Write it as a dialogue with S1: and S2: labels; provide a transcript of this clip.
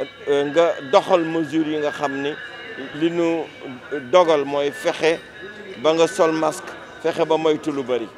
S1: Euh, euh, nga doxal mesures yi nga xam ni li nu dogal mooy fexe ba nga sol masque fexe ba moytu lu bari.